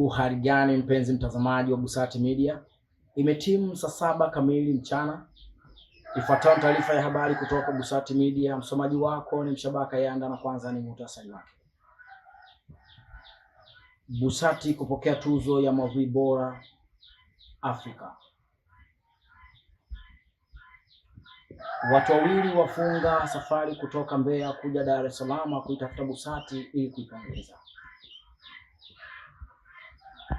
Uhali gani mpenzi mtazamaji wa Busati Media, imetimu saa saba kamili mchana. Ifuatayo taarifa ya habari kutoka Busati Media, msomaji wako ni Mshabaka Yanda na kwanza ni muhtasari wake. Busati kupokea tuzo ya mavui bora Afrika. Watu wawili wafunga safari kutoka Mbeya kuja Dar es Salaam kuitafuta Busati ili kuipongeza.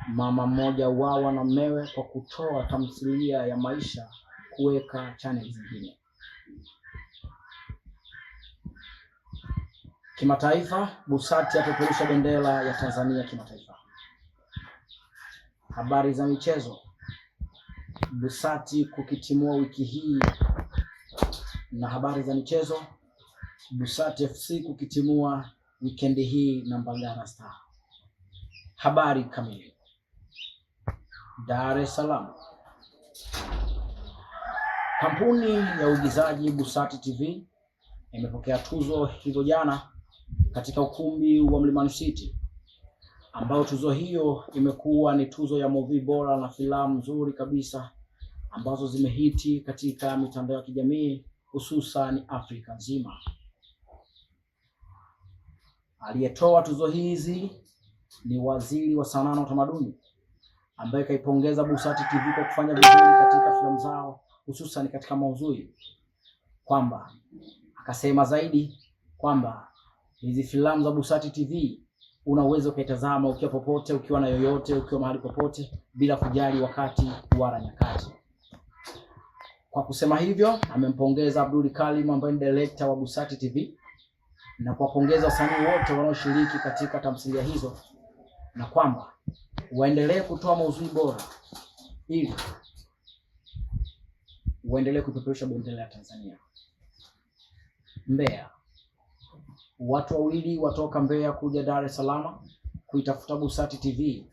Mama mmoja wawa na mmewe kwa kutoa tamthilia ya maisha kuweka chaneli zingine. Kimataifa, Busati apeperusha bendera ya Tanzania kimataifa. Habari za michezo, Busati kukitimua wiki hii na habari za michezo, Busati FC kukitimua wikendi hii na Mbagala Star. Habari kamili Dar es Salaam. Kampuni ya uigizaji Busati TV imepokea tuzo hizo jana katika ukumbi wa Mlimani City, ambayo tuzo hiyo imekuwa ni tuzo ya movie bora na filamu nzuri kabisa ambazo zimehiti katika mitandao ya kijamii hususan Afrika nzima. Aliyetoa tuzo hizi ni waziri wa sanaa na utamaduni ambaye kaipongeza Busati TV kwa kufanya vizuri katika filamu zao hususan katika maudhui, kwamba akasema zaidi kwamba hizi filamu za Busati TV unaweza ukaitazama ukiwa popote, ukiwa na yoyote, ukiwa mahali popote, bila kujali wakati wala nyakati. Kwa kusema hivyo, amempongeza Abdul Karim ambaye ni director wa Busati TV na kuwapongeza wasanii wote wanaoshiriki katika tamthilia hizo na kwamba waendelee kutoa mauzuri bora ili waendelee kupeperusha bendera ya Tanzania. Mbeya, watu wawili watoka Mbeya kuja Dar es Salaam kuitafuta Busati TV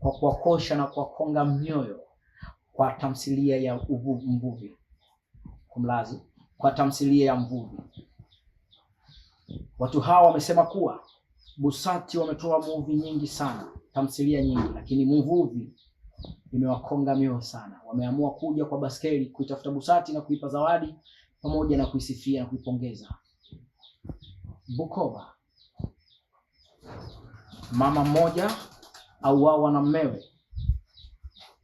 kwa kuwakosha na kuwakonga mioyo kwa tamthilia ya mvuvi kumlazi, kwa tamthilia ya mvuvi. Watu hawa wamesema kuwa Busati wametoa movie nyingi sana, tamthilia nyingi, lakini Mvuvi imewakonga mioyo sana. Wameamua kuja kwa baskeli kuitafuta Busati na kuipa zawadi pamoja na kuisifia na kuipongeza. Bukoba, mama mmoja auawa na mmewe.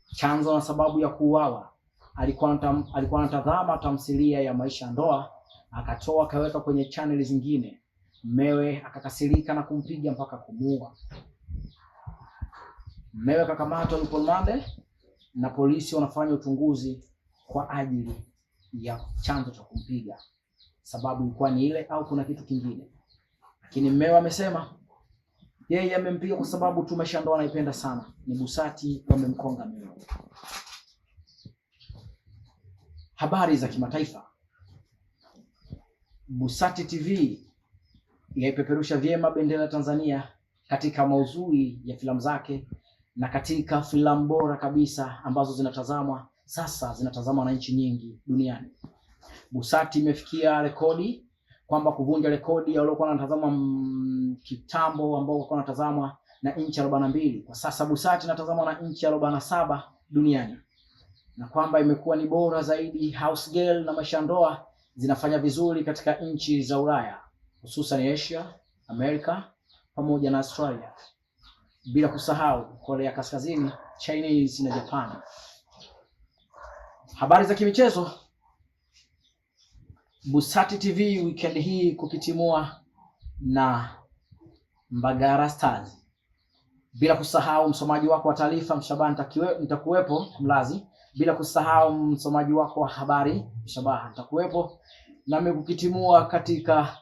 Chanzo na sababu ya kuuawa, alikuwa alikuwa anatazama tamthilia ya maisha ndoa, akatoa akaweka kwenye chaneli zingine Mmewe akakasirika na kumpiga mpaka kumuua. Mmewe akakamatwa, yupo rumande na polisi wanafanya uchunguzi kwa ajili ya chanzo cha kumpiga, sababu ilikuwa ni ile au kuna kitu kingine. Lakini mmewe amesema yeye amempiga kwa sababu tumesha ndoa, anaipenda sana, ni busati, wamemkonga mmewe. Habari za kimataifa, Busati TV yaipeperusha vyema bendera ya Tanzania katika mauzui ya filamu zake na katika filamu bora kabisa ambazo zinatazamwa sasa, zinatazamwa na nchi nyingi duniani. Busati imefikia rekodi kwamba kuvunja rekodi ya waliokuwa wanatazama kitambo ambao walikuwa wanatazamwa na inchi arobaini na mbili. Kwa sasa Busati inatazamwa na inchi arobaini na saba duniani na kwamba imekuwa ni bora zaidi. House Girl na Maisha Ndoa zinafanya vizuri katika nchi za Ulaya hususan Asia, Amerika pamoja na Australia, bila kusahau Korea Kaskazini, Chinese na Japan. Habari za kimichezo. Busati TV weekend hii kukitimua na Mbagara Stars, bila kusahau msomaji wako wa taarifa Mshabaha, nitakuwepo Mlazi, bila kusahau msomaji wako wa habari Mshabaha, nitakuwepo nami kukitimua katika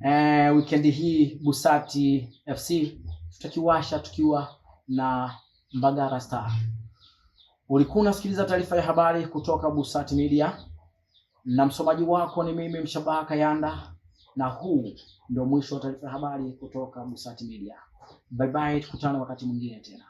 Eh, wikendi hii Busati FC tutakiwasha tukiwa na Mbagara Star. Ulikuwa unasikiliza taarifa ya habari kutoka Busati Media na msomaji wako ni mimi Mshabaha Kayanda, na huu ndio mwisho wa taarifa ya habari kutoka Busati Media. Bye bye, tukutane wakati mwingine tena.